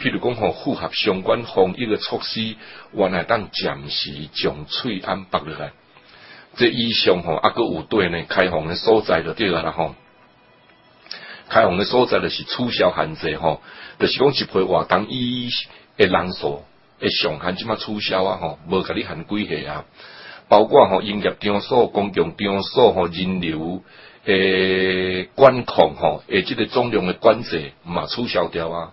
譬如講吼，符合相關防疫嘅措施，原來當暫時將喙安排落來。即以上吼，阿、啊、個有對呢？開放嘅所在就對啊啦吼。開放嘅所在就是取消限制吼，就是講一批活動，伊誒人數會上限即馬取消啊吼，無甲你限幾歲啊。包括吼營業場所、公共場所吼人流誒管控吼，誒、喔、即個總量誒管制毋嘛，取消掉啊。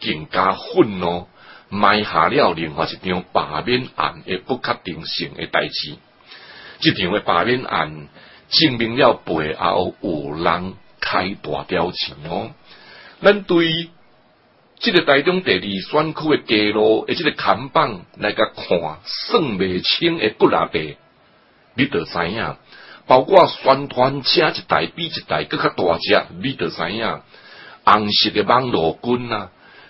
更加混哦，埋下了另外一張罷免案的不確定性嘅代誌。這張嘅罷免案證明了背後有人開大表情哦。咱對即個台中第二選區嘅街路，嘅即個扛棒來甲看算未清嘅骨力，你著知影。包括宣傳車一台比一台閣較大隻，你著知影。紅色嘅網絡軍啊！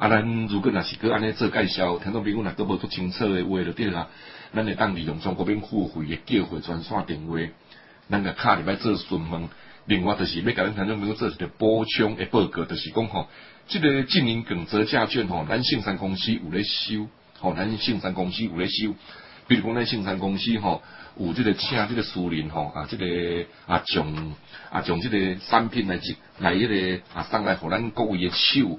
啊，咱如果若是去安尼做介紹，聽眾朋友若擱無做清楚的話著對啦，咱會當利用中國邊付費嘅叫號專線電話，咱個卡裏邊做詢問。另外著是，要甲咱聽眾朋友做一個補充嘅報告，就是哦這個、著是講吼，即個證寧耿澤家眷吼，咱聖山公司有咧收，吼、哦，咱聖山公司有咧收。比如講，咱聖山公司吼、哦，有即個請即、這個私人吼啊，即、這個啊，從啊，從即個產品來，節、那個，來，迄個啊，送來互咱各位嘢手。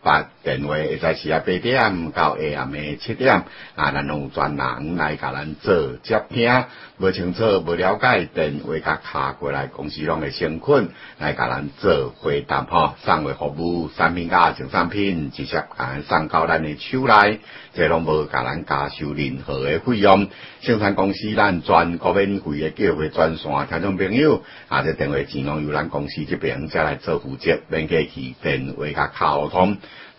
把電話會使時啊八點到下暗誒七點，點啊，咱攏有專人來甲咱做接聽，無清楚、無了解，電話甲敲過來，公司攏會成坤來甲咱做回答吼，送貨服務產品甲上、啊、產品直接甲咱送到咱嘅手內，即攏無甲咱加收任何嘅費用。生產公司咱全國免費嘅叫去專線，聽眾朋友啊，即電話只能由咱公司這邊再來做負責，免且其電話甲敲溝通。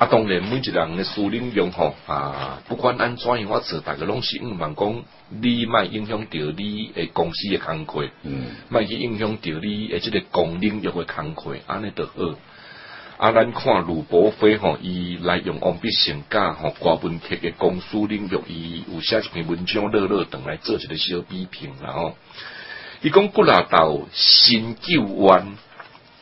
啊，當然，每一人嘅私領域吼啊，不管安怎樣，我坐大家攏是毋問講，你賣影響到你誒公司嘅工課，嗯，賣去影響到你誒即個公領域嘅工課，安尼著好。啊，咱看盧寶飛吼，伊、啊、來用王必勝講吼、啊，刮文體嘅公司領域，伊有寫一篇文章，熱熱等來做一個小比評，然、啊、後，伊講過來到新舊灣。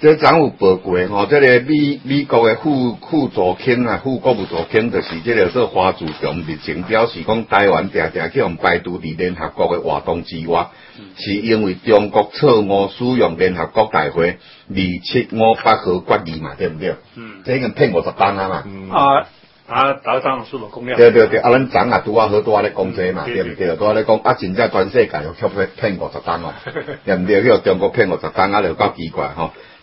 即怎樣有報過吼？即、哦這個美美國嘅副副總統啊，副國務卿，就是即個說花主強日前表示講，台灣常常去用排除與聯合國嘅活動之外，嗯、是因為中國錯誤使用聯合國大會二七五八號決議嘛，對毋對？嗯，即已經騙五十單啊嘛。啊，啊啊頭先老師，我講你。對對對，阿倫怎啊？拄啊好多啊！咧講這嘛，對不對？多啊咧、啊啊、講啊，真正全世界又去騙騙五十單啊！人哋又叫中國騙五十單，啊，你好奇怪吼？哦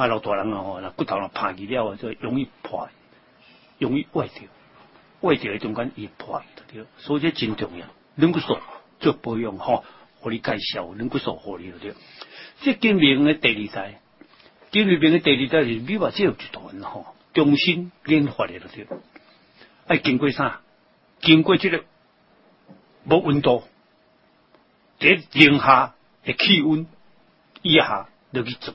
啊，老大人啊，那骨頭又怕去了，就容易破，容易壞掉，壞掉喺中間易破，對，所以真重要。能夠說，做保養，嗬，給你介紹兩個手何裏度？即見面嘅第二代，見面嘅第二代、就是，你話即係幾多人？嗬，重心練法嚟到，哎，經過啥？經過即個冇溫度，喺零下的氣溫以下嚟去做。